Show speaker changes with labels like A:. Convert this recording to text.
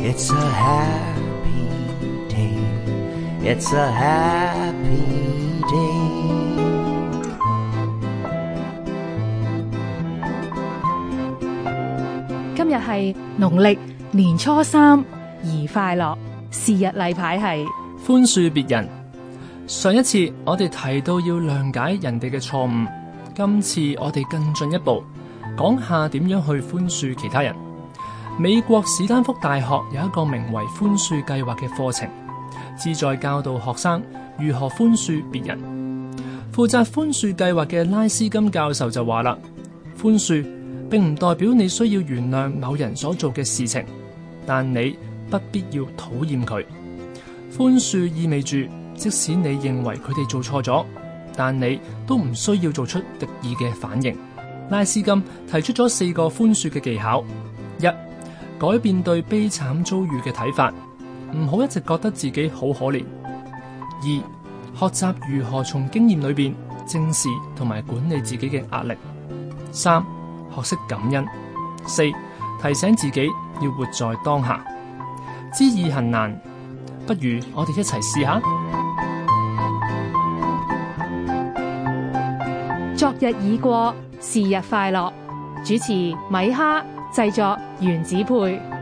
A: It's a happy day, it's a happy day
B: 今日係農曆年初三，而快樂。日牌是日例牌係
A: 寬恕別人。上一次我哋提到要諒解人哋嘅錯誤，今次我哋更進一步，講下點樣去寬恕其他人。美國史丹福大學有一個名為寬恕計劃嘅課程，旨在教導學生如何寬恕別人。負責寬恕計劃嘅拉斯金教授就話啦：寬恕並唔代表你需要原諒某人所做嘅事情，但你不必要討厭佢。寬恕意味住，即使你認為佢哋做錯咗，但你都唔需要做出敵意嘅反應。拉斯金提出咗四個寬恕嘅技巧，一。改變對悲慘遭遇嘅睇法，唔好一直覺得自己好可憐。二、學習如何從經驗裏面正視同埋管理自己嘅壓力。三、學識感恩。四、提醒自己要活在當下。知易行難，不如我哋一齊試下。
C: 昨日已過，是日快樂。主持米哈。製作原子配。